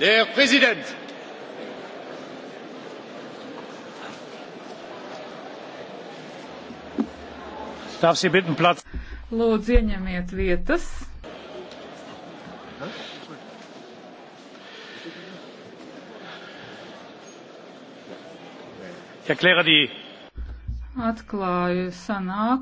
Der Präsident! Darf Sie bitten, Platz. Lūdzu, ieņemiet vietas. Ich erkläre die Atklāju sanāks.